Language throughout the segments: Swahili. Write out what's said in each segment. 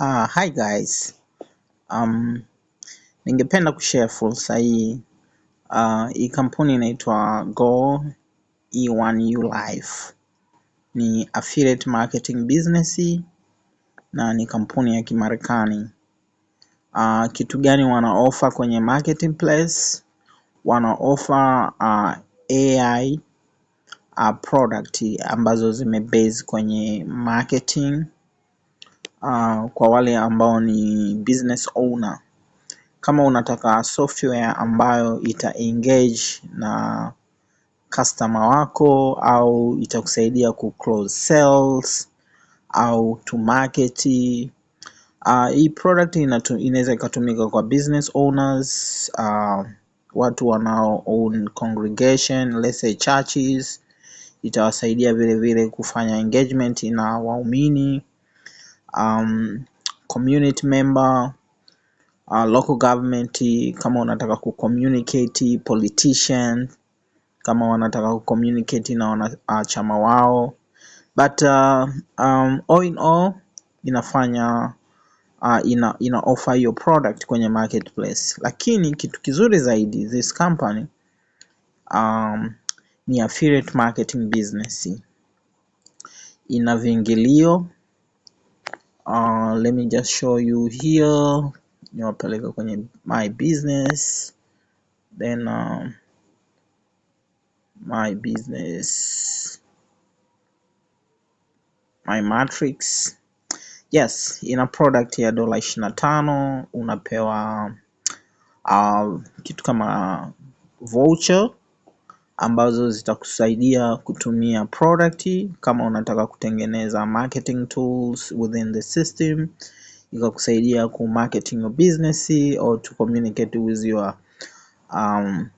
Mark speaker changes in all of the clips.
Speaker 1: Uh, hi guys. Um, ningependa kushare fursa hii. Uh, hii kampuni inaitwa Go E1U Life. Ni affiliate marketing business na ni kampuni ya Kimarekani. Uh, kitu gani wana offer kwenye place Wana offer uh, AI uh, product ambazo zimebase kwenye marketing uh, kwa wale ambao ni business owner, kama unataka software ambayo ita engage na customer wako au itakusaidia ku close sales au to market. Uh, hii product inaweza ikatumika kwa business owners uh, watu wanao own congregation let's say churches. Itawasaidia vile vile kufanya engagement na waumini um, community member uh, local government, kama unataka communicate politician, kama wanataka communicate na wanachama uh, wao, but uh, um, all in all inafanya uh, ina, ina offer your product kwenye marketplace, lakini kitu kizuri zaidi this company um, ni affiliate marketing business, ina viingilio uh, let me just show you here niwapeleka kwenye my business then uh, my business my matrix yes ina product ya dola ishirini na tano unapewa uh, kitu kama voucher ambazo zitakusaidia kutumia product kama unataka kutengeneza marketing tools within the system ikakusaidia ku marketing your business or to communicate with your um,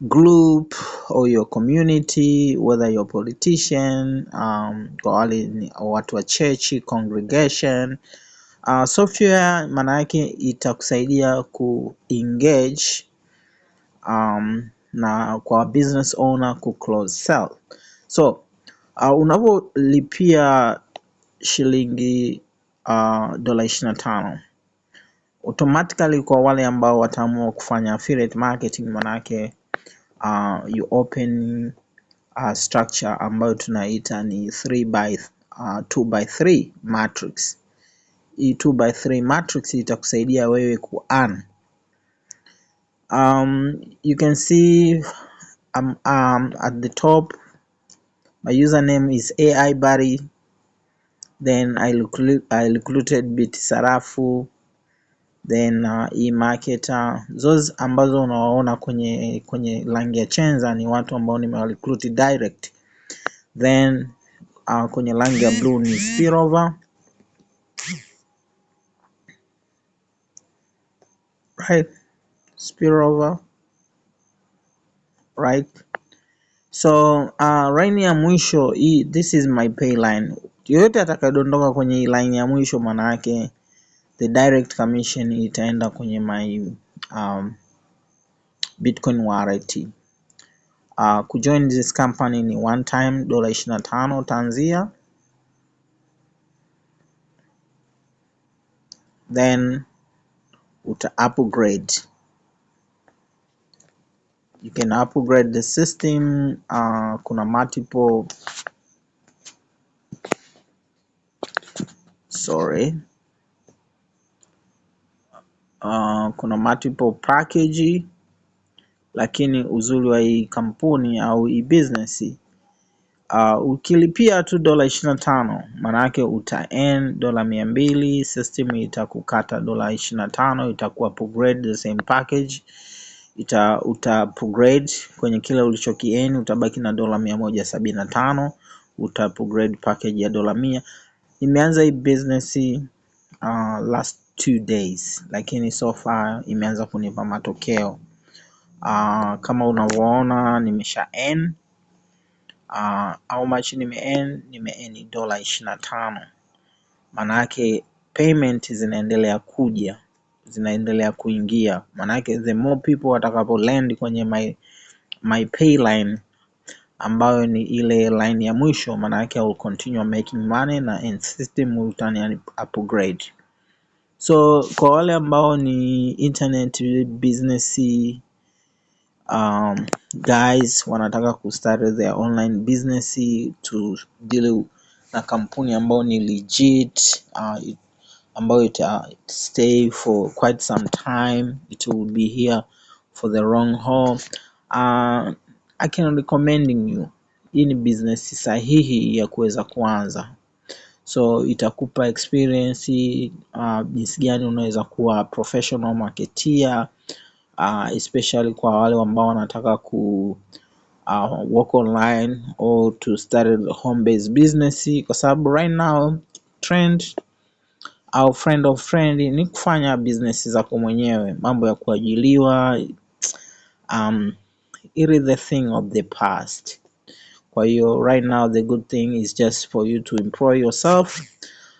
Speaker 1: group or your community whether you're politician um, kwa wale ni watu wa church congregation uh, software maana yake itakusaidia ku engage um, na kwa business owner ku close sell. So uh, unavyolipia shilingi uh, dola ishirini na tano automatically kwa wale ambao wataamua kufanya affiliate marketing, manake uh, you open uh, structure ambayo tunaita ni 3 by 2 uh, by 3 matrix. Hii 2 by 3 matrix itakusaidia wewe ku earn um, you can see um, um, at the top my username is AI Barry then I look I recruited sarafu then uh, eMarketer. Those ambazo unawaona kwenye kwenye langi ya chenza ni watu ambao nimewarecruit direct, then uh, kwenye langi ya blue ni spillover right spillover right so uh, line ya mwisho hii this is my pay line yoyote atakayodondoka kwenye hii line ya mwisho maana yake the direct commission itaenda kwenye my um, bitcoin wallet uh, kujoin this company ni one time dola 25 tanzia then uta upgrade you can upgrade the system uh, kuna multiple sorry uh, kuna multiple package lakini uzuri wa hii kampuni au hii business uh, ukilipia tu dola ishirini na tano maanake uta earn dola mia mbili system itakukata dola ishirini na tano itakuwa upgrade the same package ita uta upgrade kwenye kile ulichokieni, utabaki na dola mia moja sabini na tano uta upgrade package ya dola mia. Imeanza hii business uh, last two days, lakini so far imeanza kunipa matokeo uh, kama unavyoona nimesha earn uh, au much nime earn, nime earn dola ishirini na tano maana yake payment zinaendelea kuja zinaendelea kuingia, maanake the more people watakapo land kwenye my, my pay line ambayo ni ile line ya mwisho, maanake I will continue making money na and system will turn upgrade. So kwa wale ambao ni internet business um, guys wanataka start their online business to deal na kampuni ambayo ni legit uh, ambayo ita stay for quite some time it will be here for the long haul uh, I can recommending you hii ni business sahihi ya kuweza kuanza so itakupa experience uh, jinsi gani unaweza kuwa professional marketeer uh, especially kwa wale ambao wanataka ku uh, work online or to start a home based business kwa sababu right now trend au friend of friend ni kufanya business zako mwenyewe, mambo ya kuajiliwa, um, it is the thing of the past. Kwa hiyo right now the good thing is just for you to employ yourself.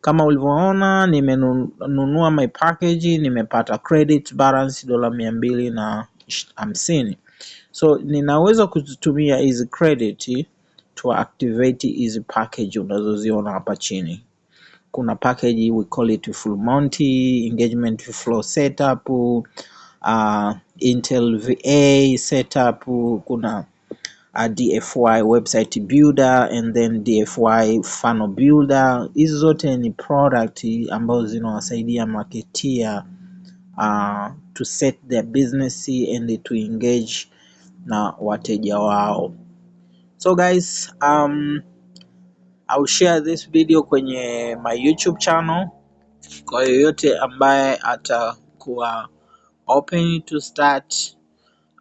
Speaker 1: Kama ulivyoona, nimenunua my package, nimepata credit balance dola mia mbili na hamsini, so ninaweza kuzitumia hizi credit to activate hizi package unazoziona hapa chini kuna package we call it full monty, engagement flow setup, uh, Intel VA setup, kuna a uh, DFY website builder and then DFY funnel builder. Hizi zote ni product ambazo zinawasaidia maketia uh, to set their business and to engage na wateja wao. So guys, um, au share this video kwenye my YouTube channel kwa yoyote ambaye atakuwa open to start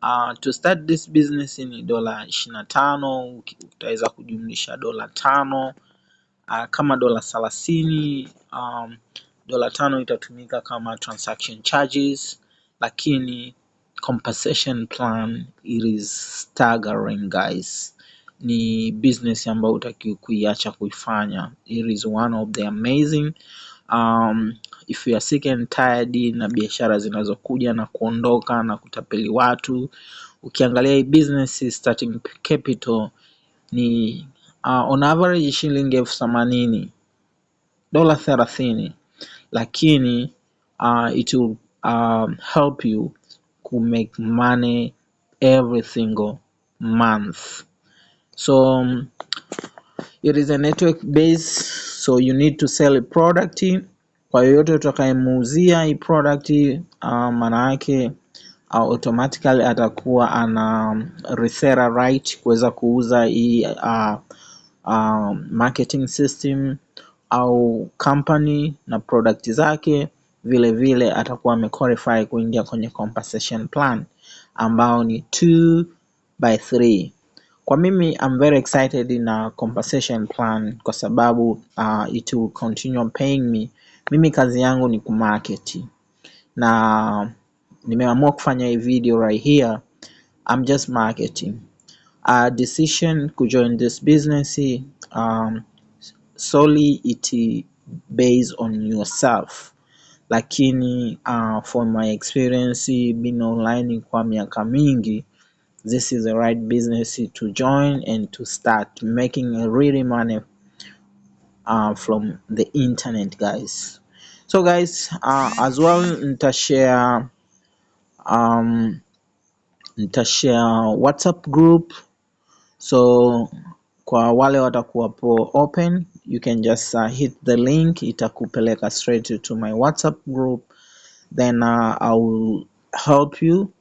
Speaker 1: uh, to start this business ni dola 25 tano utaweza kujumlisha dola tano uh, kama dola thelathini um, dola tano itatumika kama transaction charges, lakini compensation plan it is staggering guys ni business ambayo utakiwa kuiacha kuifanya. It is one of the amazing um, if you are sick and tired na biashara zinazokuja na kuondoka na kutapeli watu. Ukiangalia hii business starting capital ni uh, on average shilingi elfu themanini dola thelathini, lakini uh, it will um, help you ku make money every single month. So um, it is a network base, so you need to sell a product. Kwa yoyote utakayemuuzia hii product uh, maana yake uh, automatically atakuwa ana um, referral right kuweza kuuza hii uh, uh, marketing system au company na product zake. Vile vile atakuwa amequalify kuingia kwenye compensation plan ambao ni 2 by 3. Kwa mimi I'm very excited na compensation plan kwa sababu uh, it will continue paying me. Mimi kazi yangu ni kumarket na nimeamua kufanya hii video right here. I'm just marketing. A decision to join this business um, solely it based on yourself, lakini uh, for my experience being online kwa miaka mingi this is the right business to join and to start making really money uh, from the internet guys so guys uh, as well nitashare um, nitashare whatsapp group so kwa wale watakuwapo open you can just uh, hit the link itakupeleka straight to my whatsapp group then uh, i will help you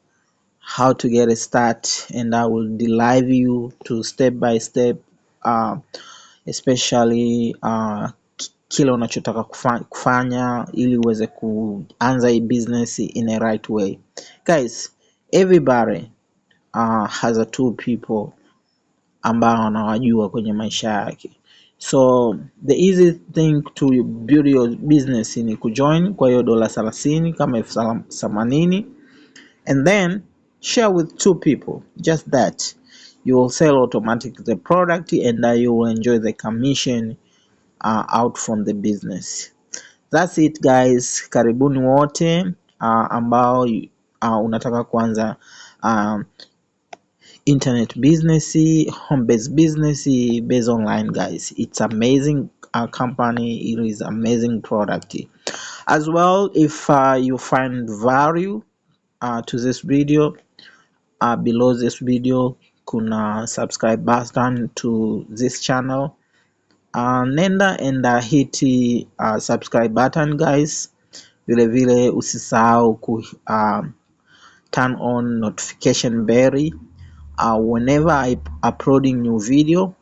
Speaker 1: how to get a start and I will delive you to step by step uh, especially uh, kile unachotaka kufanya ili uweze kuanza hi business in a right way guys everybody uh, has a two people ambao anawajua kwenye maisha yake so the easy thing to build your business ni kujoin kwa hiyo dola thelathini kama elfu themanini and then share with two people just that you will sell automatic the product and that you will enjoy the commission uh, out from the business that's it guys karibuni wote uh, ambao uh, unataka kuanza uh, internet business home based business based online guys it's amazing uh, company it is amazing product as well if uh, you find value uh, to this video uh, below this video kuna subscribe button to this channel uh, nenda and uh, hiti uh, subscribe button guys vile usisahau ku uh, turn on notification bell uh, whenever I uploading new video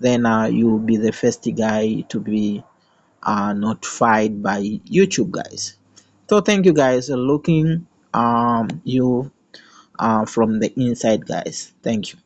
Speaker 1: then uh, you'll be the first guy to be uh, notified by YouTube guys so thank you guys looking um you uh, from the inside guys thank you